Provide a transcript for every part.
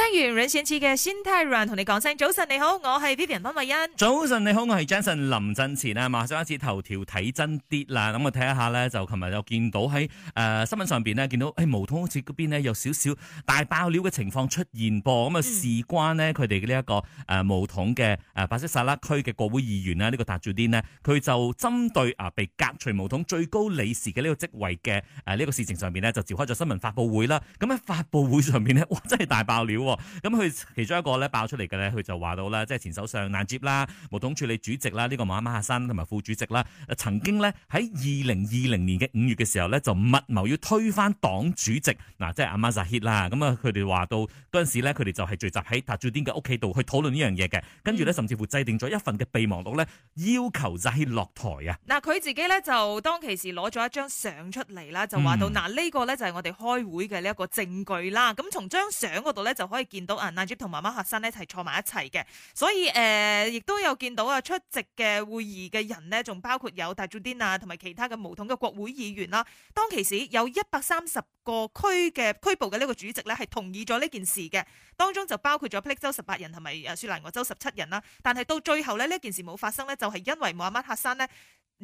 聽完阮嘅先泰 r o n 同你講聲早晨，你好，我係 Vivian 溫慧欣。早晨你好，我係 Jason 林振前啊，嘛，上一次頭條睇真啲啦。咁我睇一下咧，就琴日又見到喺誒、呃、新聞上邊咧，見到誒、哎、巫統好似嗰邊呢，有少少大爆料嘅情況出現噃。咁啊事關呢，佢哋嘅呢一個誒、呃、巫統嘅誒、呃、巴西沙叻區嘅國會議員啊，呢、這個達祖丁呢，佢就針對啊、呃、被革除巫統最高理事嘅呢個職位嘅誒呢個事情上邊呢，就召開咗新聞發佈會啦。咁喺發佈會上面呢，哇真係大爆料。咁佢其中一個咧爆出嚟嘅咧，佢就話到咧，即係前首相納吉啦，巫統署理主席啦，呢個阿馬哈山同埋副主席啦，曾經呢，喺二零二零年嘅五月嘅時候呢，就密謀要推翻黨主席嗱，即係阿馬扎希啦。咁啊，佢哋話到嗰陣時咧，佢哋就係聚集喺塔朱丁嘅屋企度去討論呢樣嘢嘅，跟住呢，甚至乎制定咗一份嘅備忘錄呢，要求扎希落台啊。嗱、嗯，佢自己呢，就當其時攞咗一張相出嚟啦，就話到嗱，呢個呢，就係我哋開會嘅呢一個證據啦。咁從張相嗰度呢，就可以見到啊，納吉同媽媽哈山咧一齊坐埋一齊嘅，所以誒亦、呃、都有見到啊出席嘅會議嘅人呢，仲包括有達祖迪娜同埋其他嘅巫統嘅國會議員啦。當其時有一百三十個區嘅區部嘅呢個主席咧，係同意咗呢件事嘅，當中就包括咗霹靂州十八人同埋誒雪蘭莪州十七人啦。但係到最後咧，呢件事冇發生呢，就係、是、因為我阿媽哈山呢。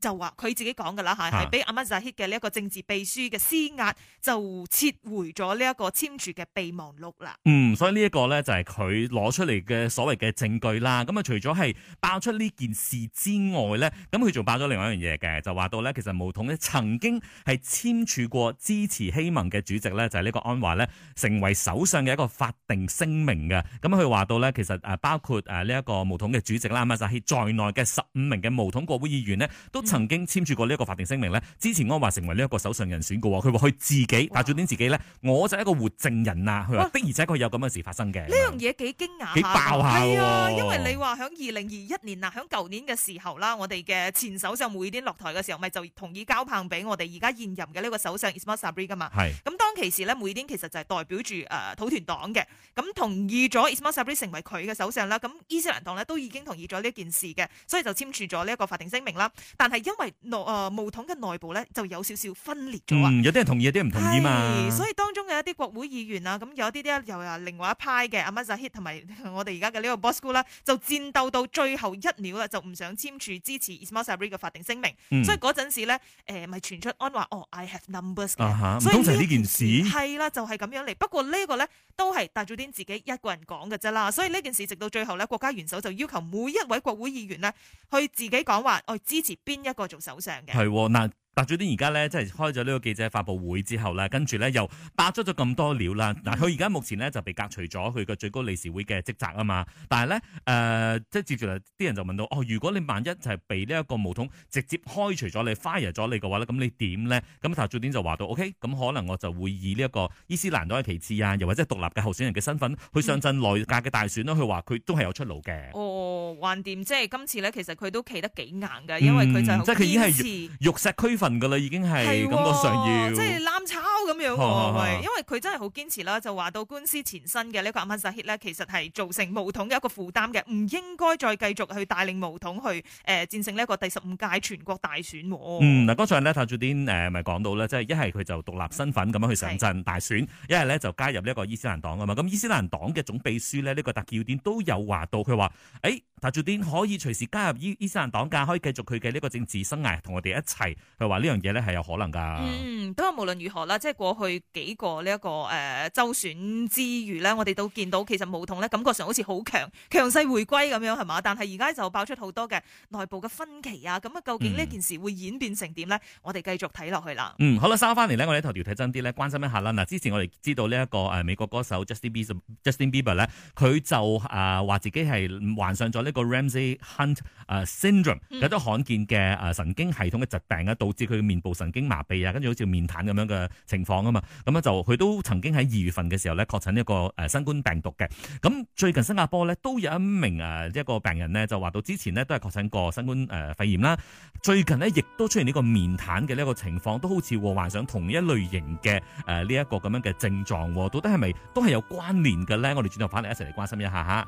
就話佢自己講嘅啦嚇，係俾阿扎希嘅呢一個政治秘書嘅施壓，就撤回咗呢一個簽署嘅備忘錄啦。嗯，所以呢一個咧就係佢攞出嚟嘅所謂嘅證據啦。咁啊，除咗係爆出呢件事之外咧，咁佢仲爆咗另外一樣嘢嘅，就話到咧其實毛統咧曾經係簽署過支持希盟嘅主席咧，就係呢個安華咧成為首相嘅一個法定聲明嘅。咁佢話到咧，其實誒包括誒呢一個毛統嘅主席啦、阿扎希在內嘅十五名嘅毛統國會議員呢都，曾經簽署過呢一個法定聲明咧，之前安華成為呢一個首相人選嘅話，佢話佢自己，但係早啲自己咧，我就一個活證人啊！佢話哇的而且確有咁嘅事發生嘅。呢樣嘢，幾驚訝，幾爆下係啊！因為你話響二零二一年啊，響舊年嘅時候啦，我哋嘅前首相慕尤丁落台嘅時候，咪就同意交棒俾我哋而家現任嘅呢個首相 Ismail Sabri 噶嘛？係。咁當其時咧，慕尤丁其實就係代表住誒土團黨嘅，咁同意咗 Ismail Sabri 成為佢嘅首相啦。咁伊斯蘭黨呢，都已經同意咗呢一件事嘅，所以就簽署咗呢一個法定聲明啦。但係因為內誒巫統嘅內部咧就有少少分裂咗話、嗯，有啲人同意，有啲人唔同意嘛。所以當中嘅一啲國會議員啊，咁有啲啲又另外一派嘅阿 Zahid 同埋我哋而家嘅呢個 Bossku 啦，就戰鬥到最後一秒啦，就唔想簽署支持 Ismail Sabri 嘅法定聲明。嗯、所以嗰陣時咧，咪、呃、傳出安話哦、oh,I have numbers 嘅，啊、所以呢件事係啦，就係、是、咁樣嚟。不過個呢個咧都係達祖丁自己一個人講嘅啫啦。所以呢件事直到最後咧，國家元首就要求每一位國會議員咧去自己講話，我、哎、支持邊。一個做首相嘅係嗱。但達主典而家咧，即係開咗呢個記者發布會之後咧，跟住咧又爆咗咗咁多料啦。嗱、嗯，佢而家目前咧就被革除咗佢個最高理事會嘅職責啊嘛。但係咧，誒、呃，即係接住嚟，啲人就問到哦，如果你萬一就係被呢一個毛統直接開除咗你 fire 咗你嘅話咧，咁你點咧？咁達主典就話到，OK，咁可能我就會以呢一個伊斯蘭黨嘅旗幟啊，又或者獨立嘅候選人嘅身份去上陣內界嘅大選啦，啊。佢話佢都係有出路嘅。哦，橫掂即係今次咧，其實佢都企得幾硬嘅，因為佢就、嗯、即係佢已係玉石區。噶啦，已經係咁多上要，即係攬炒咁樣，呵呵呵，因為佢真係好堅持啦，就話到官司前身嘅呢一個阿媽撒血咧，其實係造成巫統嘅一個負擔嘅，唔應該再繼續去帶領巫統去誒、呃、戰勝呢一個第十五屆全國大選。嗯，嗱、那個，剛才呢特焦點咪講到咧，即係一係佢就獨立身份咁樣去上陣大選，一係咧就加入呢個個伊斯蘭黨啊嘛。咁伊斯蘭黨嘅總秘書咧，呢、這個特焦點都有話到佢話，誒、欸。但係做可以隨時加入伊伊斯蘭黨架可以繼續佢嘅呢個政治生涯，同我哋一齊，佢話呢樣嘢咧係有可能㗎。嗯，都係無論如何啦，即係過去幾個呢一個誒州、呃、選之餘呢，我哋都見到其實巫統咧感覺上好似好強強勢回歸咁樣係嘛，但係而家就爆出好多嘅內部嘅分歧啊，咁啊究竟呢件事會演變成點呢？我哋繼續睇落去啦。嗯，好啦，收翻嚟呢，我哋頭條睇真啲呢。關心一下啦。嗱，之前我哋知道呢一個誒美國歌手 Justin Bieber 呢，佢就誒話自己係患上咗呢。一個 Ramsey Hunt 誒 Syndrome 有啲、嗯、罕見嘅誒神經系統嘅疾病啊，導致佢面部神經麻痹啊，跟住好似面癱咁樣嘅情況啊嘛。咁咧就佢都曾經喺二月份嘅時候咧確診一個誒新冠病毒嘅。咁最近新加坡咧都有一名誒一個病人咧就話到之前呢都係確診過新冠誒肺炎啦，最近呢亦都出現呢個面癱嘅呢一個情況，都好似患上同一類型嘅誒呢一個咁樣嘅症狀。哦、到底係咪都係有關聯嘅咧？我哋轉頭翻嚟一齊嚟關心一下吓。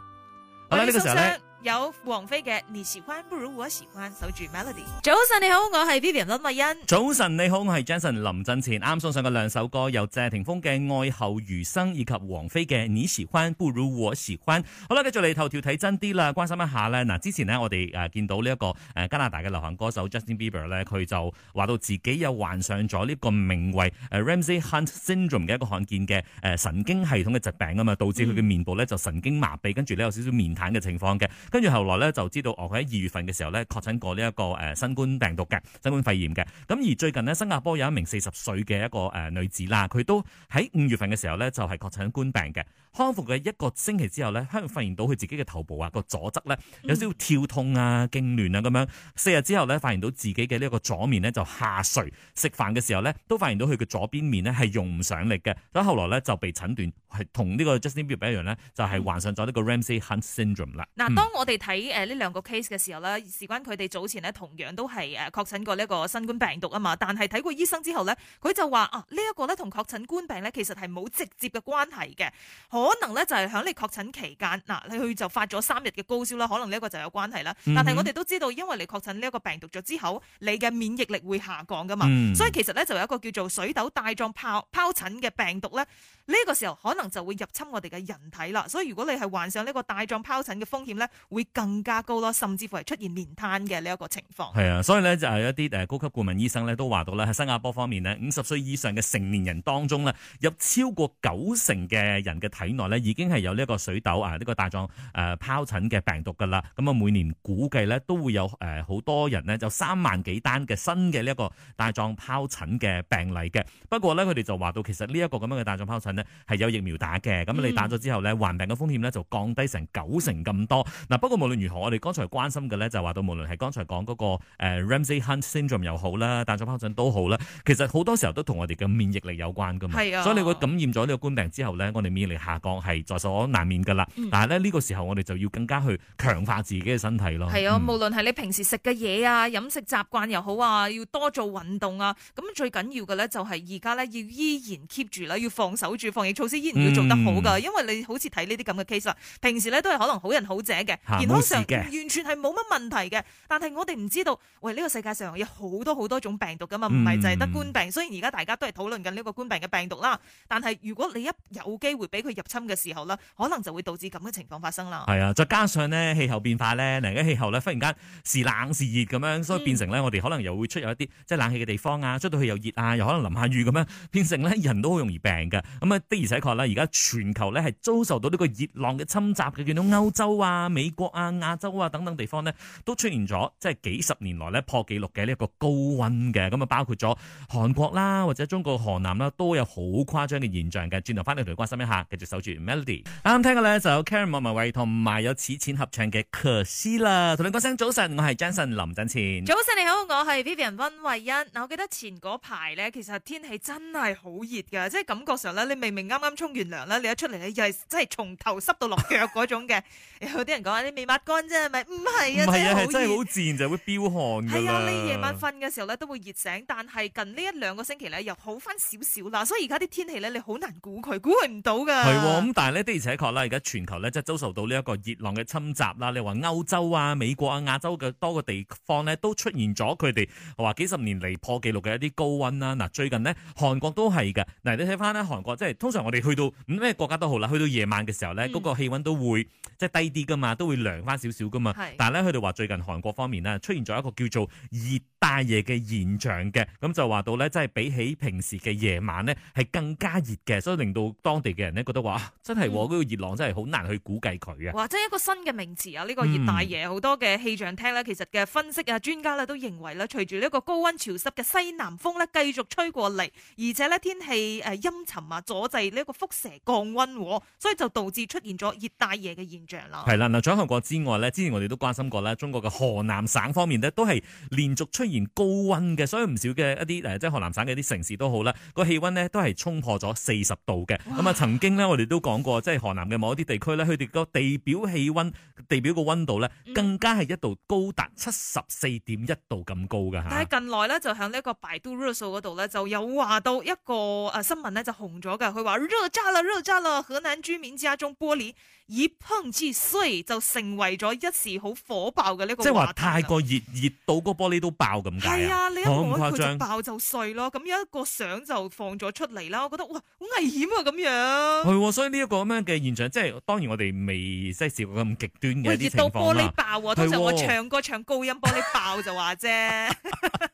好啦喂，呢個時候咧。有王菲嘅你喜歡不如我喜歡守住 melody。早晨你好，我係 Vivian 林慧欣。早晨你好，我係 Jason 林振前。啱送上嘅兩首歌，由謝霆鋒嘅愛後餘生以及王菲嘅你喜歡不如我喜歡。好啦，繼續嚟頭條睇真啲啦，關心一下咧。嗱，之前呢，我哋誒見到呢一個誒加拿大嘅流行歌手 Justin Bieber 咧，佢就話到自己有患上咗呢個名為誒 Ramsey Hunt Syndrome 嘅一個罕見嘅誒神經系統嘅疾病啊嘛，導致佢嘅面部咧就神經麻痹，跟住咧有少少面癱嘅情況嘅。跟住後，後來咧，就知道哦，佢喺二月份嘅時候咧，確診過呢一個誒新冠病毒嘅新冠肺炎嘅。咁而最近呢，新加坡有一名四十歲嘅一個誒女子啦，佢都喺五月份嘅時候咧，就係確診冠病嘅。康復嘅一個星期之後咧，佢發現到佢自己嘅頭部啊，個左側咧有少少跳痛啊、痙攣啊咁樣。四日之後咧，發現到自己嘅呢個個左面咧就下垂，食飯嘅時候咧都發現到佢嘅左邊面咧係用唔上力嘅。咁後來咧就被診斷係同呢個 Justin Bieber 一樣咧，就係患上咗呢個 Ramsey Hunt Syndrome 啦。嗱，當我我哋睇誒呢兩個 case 嘅時候咧，事關佢哋早前咧同樣都係誒確診過呢一個新冠病毒啊嘛，但係睇過醫生之後咧，佢就話啊呢一個咧同確診冠病咧其實係冇直接嘅關係嘅，可能咧就係喺你確診期間嗱你去就發咗三日嘅高燒啦，可能呢一個就有關係啦。但係我哋都知道，因為你確診呢一個病毒咗之後，你嘅免疫力會下降噶嘛，嗯、所以其實咧就有一個叫做水痘帶狀皰皰疹嘅病毒咧。呢個時候可能就會入侵我哋嘅人體啦，所以如果你係患上呢個帶狀疱疹嘅風險呢，會更加高咯，甚至乎係出現面癱嘅呢一個情況。係啊，所以呢，就係一啲誒高級顧問醫生呢都話到咧喺新加坡方面呢，五十歲以上嘅成年人當中呢，有超過九成嘅人嘅體內呢，已經係有呢一個水痘啊呢、呢個帶狀誒疱疹嘅病毒㗎啦。咁啊每年估計呢，都會有誒好多人呢，就三萬幾單嘅新嘅呢一個帶狀疱疹嘅病例嘅。不過呢，佢哋就話到其實呢一個咁樣嘅帶狀疱疹。咧係有疫苗打嘅，咁你打咗之後呢，患病嘅風險呢就降低成九成咁多。嗱，嗯、不過無論如何，我哋剛才關心嘅呢就話到，無論係剛才講嗰個 Ramsay Hunt Syndrome 又好啦，帶狀疱疹都好啦，其實好多時候都同我哋嘅免疫力有關㗎嘛。係啊、所以你會感染咗呢個冠病之後呢，我哋免疫力下降係在所難免㗎啦。嗯、但係呢，呢個時候我哋就要更加去強化自己嘅身體咯。係啊，無論係你平時食嘅嘢啊、飲食習慣又好啊，要多做運動啊。咁最緊要嘅呢，就係而家呢，要依然 keep 住啦，要放手。防疫措施依然要做得好噶。嗯、因為你好似睇呢啲咁嘅 case，平時咧，都係可能好人好者嘅，啊、健康上沒的完全係冇乜問題嘅。但係我哋唔知道，喂，呢、呢個世界上有好多好多種病毒噶嘛，唔係就係得冠病。嗯、所以而家大家都係討論緊呢個冠病嘅病毒啦。但係如果你一有機會俾佢入侵嘅時候咧，可能就會導致咁嘅情況發生啦。係啊，再加上咧氣候變化咧，嗱，而家氣候咧忽然間時冷時熱咁樣，嗯、所以變成咧我哋可能又會出入一啲即係冷氣嘅地方啊，出到去又熱啊，又可能淋下雨咁樣，變成咧人都好容易病嘅咁的而且確啦，而家全球咧係遭受到呢個熱浪嘅侵襲嘅，見到歐洲啊、美國啊、亞洲啊等等地方呢都出現咗即係幾十年來咧破紀錄嘅呢一個高溫嘅咁啊，包括咗韓國啦，或者中國河南啦，都有好誇張嘅現象嘅。轉頭翻嚟同你關心一下，繼續守住 Melody 啱啱聽嘅咧，就有 Karen 莫文蔚同埋有此錢合唱嘅《可惜啦》，同你講聲早晨，我係 Jason 林振前。早晨你好，我係 Vivian 溫慧欣。嗱，我記得前嗰排咧，其實天氣真係好熱嘅，即係感覺上咧你。明明啱啱沖完涼啦，你一出嚟又係即係從頭濕到落腳嗰種嘅。 有啲人講話，你未抹乾啫，咪唔係啊？唔係啊，係真係好自然就會飆汗嘅。係啊，你夜晚瞓嘅時候咧都會熱醒，但係近呢一兩個星期咧又好翻少少啦。所以而家啲天氣咧你好難估佢，估佢唔到㗎。係喎，咁但係呢的而且確啦，而家全球咧即係遭受到呢一個熱浪嘅侵襲啦。你話歐洲啊、美國啊、亞洲嘅多個地方咧都出現咗佢哋話幾十年嚟破紀錄嘅一啲高溫啦。嗱，最近呢，韓國都係嘅。嗱，你睇翻呢，韓國即係。通常我哋去到咁咩國家都好啦，去到夜晚嘅時候咧，嗰、嗯、個氣溫都會即係低啲噶嘛，都會涼返少少嘛。但係咧，佢哋話最近韓國方面咧出現咗一個叫做熱大夜嘅現象嘅，咁就話到呢，真係比起平時嘅夜晚呢，係更加熱嘅，所以令到當地嘅人呢，覺得話、啊，真係嗰、那個熱浪真係好難去估計佢啊、嗯！哇，即係一個新嘅名詞啊！呢、這個熱帶夜，好、嗯、多嘅氣象廳呢，其實嘅分析啊，專家呢，都認為呢，隨住呢個個高溫潮濕嘅西南風呢，繼續吹過嚟，而且呢，天氣誒、呃、陰沉啊，阻滯呢個個輻射降溫喎，所以就導致出現咗熱帶夜嘅現象啦。係啦，嗱，在韓國之外呢，之前我哋都關心過呢，中國嘅河南省方面呢，都係連續出現。然高溫嘅，所以唔少嘅一啲誒，即係河南省嘅一啲城市好都好啦，個氣溫咧都係衝破咗四十度嘅。咁啊，曾經咧我哋都講過，即係河南嘅某一啲地區咧，佢哋個地表氣溫、地表個溫度咧，更加係一度高達七十四點一度咁高嘅嚇。但係近來咧就喺呢一個百度熱搜嗰度咧，就有話到一個誒新聞咧就紅咗嘅，佢話熱炸啦，熱炸啦，河南居民家中玻璃。一碰即碎，就成為咗一時好火爆嘅呢個題，即係話太過熱，熱到個玻璃都爆咁解啊！係啊，你一碰佢就爆就碎咯。咁有一個相就放咗出嚟啦，我覺得哇，好危險啊！咁樣係、哦，所以呢一個咁樣嘅現象，即係當然我哋未試過咁極端嘅一啲情況，熱到玻璃爆啊！就我唱歌唱高音玻璃爆就話啫。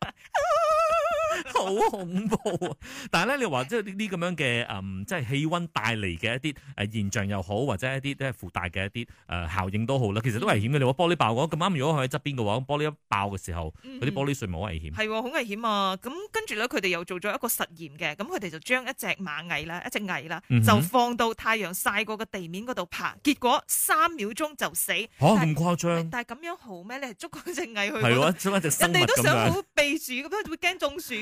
好恐怖啊！但係咧，你話即係呢啲咁樣嘅，嗯，即係氣溫帶嚟嘅一啲誒現象又好，或者一啲即係附帶嘅一啲誒效應都好啦。其實都危險嘅，你話玻璃爆嘅，咁啱如果佢喺側邊嘅話，玻璃一爆嘅時候，嗰啲玻璃碎咪好危險。係、嗯哼，好危險啊！咁、啊、跟住咧，佢哋又做咗一個實驗嘅，咁佢哋就將一隻螞蟻啦，一隻蟻啦，嗯、哼就放到太陽曬過嘅地面嗰度爬，結果三秒鐘就死。咁誇張？但係是咁樣好咩？你係捉嗰隻蟻去？係咯、啊，捉一隻生物，人哋都想避暑，咁樣會驚中暑。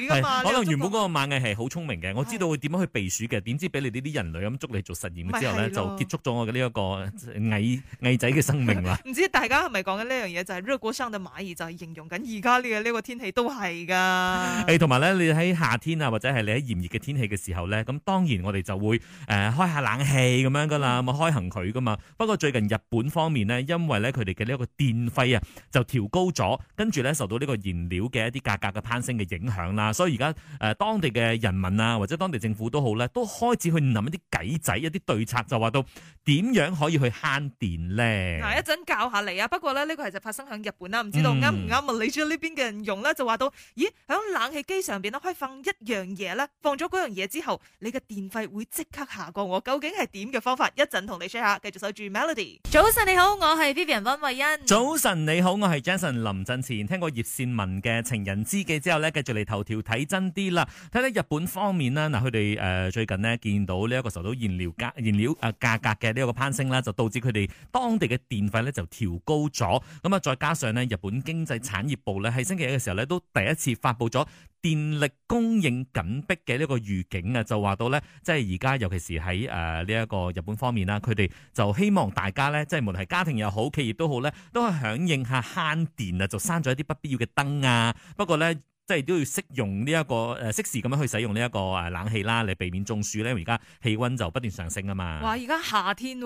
可能原本嗰個螞蟻係好聰明嘅，我知道會點樣去避暑嘅，點知俾你呢啲人類咁捉嚟做實驗之後咧，就結束咗我嘅呢一個蟻蟻 仔嘅生命啦。唔 知大家係咪講緊呢樣嘢？就係熱鍋上嘅螞蟻，就係形容緊而家呢個呢個天氣都係㗎。誒、哎，同埋咧，你喺夏天啊，或者係你喺炎熱嘅天氣嘅時候咧，咁當然我哋就會誒、呃、開下冷氣咁樣㗎啦，咁開行佢㗎嘛。不過最近日本方面咧，因為咧佢哋嘅呢一個電費啊，就調高咗，跟住咧受到呢個燃料嘅一啲價格嘅攀升嘅影響啦。所以而家誒當地嘅人民啊，或者當地政府都好咧，都開始去諗一啲計仔一啲對策，就話到點樣可以去慳電咧？嗱、啊，一陣教下你啊！不過咧，呢、呢個係就發生響日本啦、啊，唔知道啱唔啱啊？你將呢邊嘅人用咧，就話到咦，響冷氣機上邊咧，可以放一樣嘢咧，放咗嗰樣嘢之後，你嘅電費會即刻下降。我究竟係點嘅方法？跟一陣同你 share 下。繼續守住 Melody。早晨你好，我係 Vivian 温慧欣。早晨你好，我係 Jason 林振前。聽過葉倩文嘅《情人知己》之後咧，繼續嚟頭條。睇真啲啦，睇睇日本方面啦，嗱佢哋最近呢，見到呢一個受到燃料價燃料啊價格嘅呢個攀升啦，就導致佢哋當地嘅電費咧就調高咗。咁啊，再加上呢，日本經濟產業部咧喺星期一嘅時候咧都第一次發布咗電力供應緊迫嘅呢個預警啊，就話到呢，即係而家尤其是喺呢一個日本方面啦，佢哋就希望大家呢，即係無論係家庭又好，企業都好呢，都係響應下慳電啊，就關咗一啲不必要嘅燈啊。不過呢，即係都要適用呢、這、一個誒適時咁樣去使用呢一個誒冷氣啦，嚟避免中暑咧。而家氣温就不斷上升啊嘛。哇！而家夏天、嗯、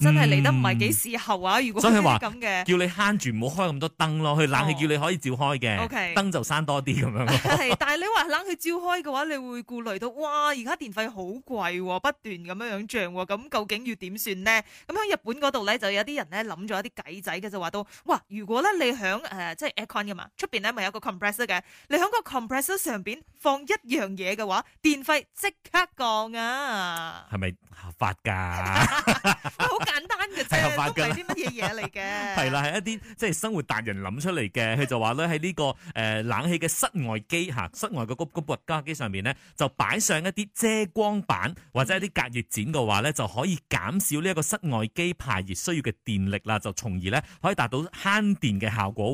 真係嚟得唔係幾時候啊？如果真係話咁嘅，叫你慳住唔好開咁多燈咯。佢冷氣叫你可以照開嘅，哦 okay、燈就閂多啲咁樣。但係你話冷氣照開嘅話，你會顧慮到哇！而家電費好貴，不斷咁樣樣漲，咁究竟要點算呢？咁喺日本嗰度咧，就有啲人咧諗咗一啲計仔嘅，就話到哇！如果咧你響誒、呃、即係 aircon 嘅嘛，出邊咧咪有一個 compressor 嘅，喺個 compressor 上邊放一樣嘢嘅話，電費即刻降啊！係咪合法噶？好 簡單嘅啫，係合法嘅。係啲乜嘢嘢嚟嘅？係啦，係一啲即係生活達人諗出嚟嘅。佢就話咧喺呢個誒、呃、冷氣嘅室外機吓，室外嘅高高壓機上邊咧，就擺上一啲遮光板或者一啲隔熱氈嘅話咧，就可以減少呢一個室外機排熱需要嘅電力啦，就從而咧可以達到慳電嘅效果。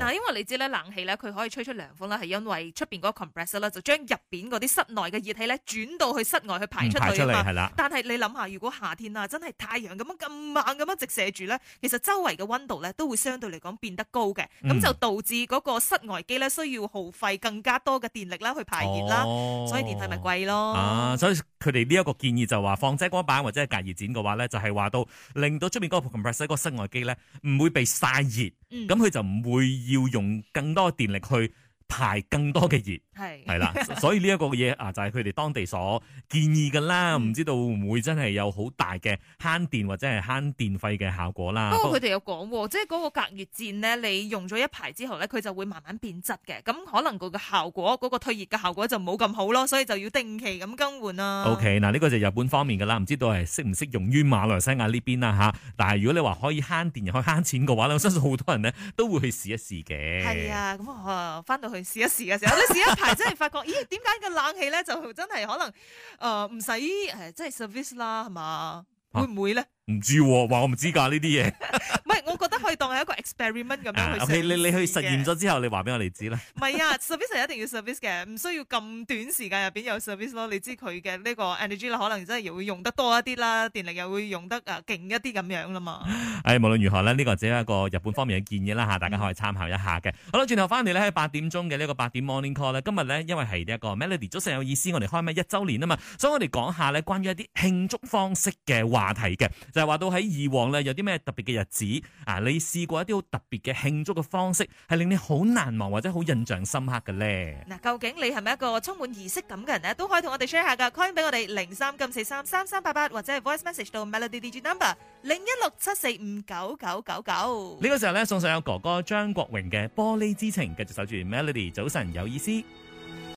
嗱、嗯，因為你知咧冷氣咧，佢可以吹出涼風。啦，係因為出邊嗰個 compressor 咧，就將入邊嗰啲室內嘅熱氣咧，轉到去室外去排出嚟啊嘛。係但係你諗下，如果夏天啊，真係太陽咁樣咁猛咁樣直射住咧，其實周圍嘅溫度咧都會相對嚟講變得高嘅，咁、嗯、就導致嗰個室外機咧需要耗費更加多嘅電力啦去排熱啦，哦、所以電費咪貴咯。啊，所以佢哋呢一個建議就話放遮光板或者係隔熱氈嘅話咧，就係話到令到出邊嗰個 compressor 個室外機咧唔會被曬熱，咁佢、嗯、就唔會要用更多嘅電力去。排更多嘅熱。係係啦，所以呢一個嘢 啊就係佢哋當地所建議噶啦，唔知道會唔會真係有好大嘅慳電或者係慳電費嘅效果啦。不過佢哋有講，好即係嗰個隔熱氈呢，你用咗一排之後呢，佢就會慢慢變質嘅，咁可能個個效果嗰、嗰個退熱嘅效果就冇咁好咯，所以就要定期咁更換啦。OK，嗱、啊、呢、呢個就係日本方面噶啦，唔知道係適唔適用於馬來西亞呢邊啦吓。但係如果你話可以慳電又可以慳錢嘅話咧，嗯、我相信好多人呢都會去試一試嘅。係啊，咁我翻到去。試一試嘅時候，你試一排真係發覺，咦？ 點解個冷氣咧就真係可能誒唔使誒，即係，呃，service 啦，係嘛？啊、會唔會咧？唔知道，啊，話我唔知噶呢啲嘢，唔係， 我覺得可以當係一個 experiment 咁樣你、啊 okay，你去實驗咗之後，你話俾我哋知啦。唔係 啊，service 一定要 service 嘅，唔需要咁短時間入邊有 service 咯。你知佢嘅呢個 energy 可能真係會用得多一啲啦，電力又會用得誒勁一啲咁樣啦嘛。誒、哎，無論如何呢、呢、這個只係一個日本方面嘅建議啦吓，大家可以參考一下嘅。 嗯、好啦，轉頭翻嚟咧，喺八點鐘嘅呢個八點 morning call 咧，今日咧因為係一個 melody，早上有意思，我哋開咩一周年啊嘛，所以我哋講下咧關於一啲慶祝方式嘅話題嘅。就係話到喺以往咧，有啲咩特別嘅日子啊？你試過一啲好特別嘅慶祝嘅方式，係令你好難忘或者好印象深刻嘅咧？嗱，究竟你係咪一個充滿儀式感嘅人咧？都可以同我哋 share 下噶，call 俾我哋零三咁四三三三八八，8，或者係 voice message 到 melody digit number 零一六七四五九九九九。呢個時候咧，送上有哥哥張國榮嘅《玻璃之情》，繼續守住 melody，早晨有意思。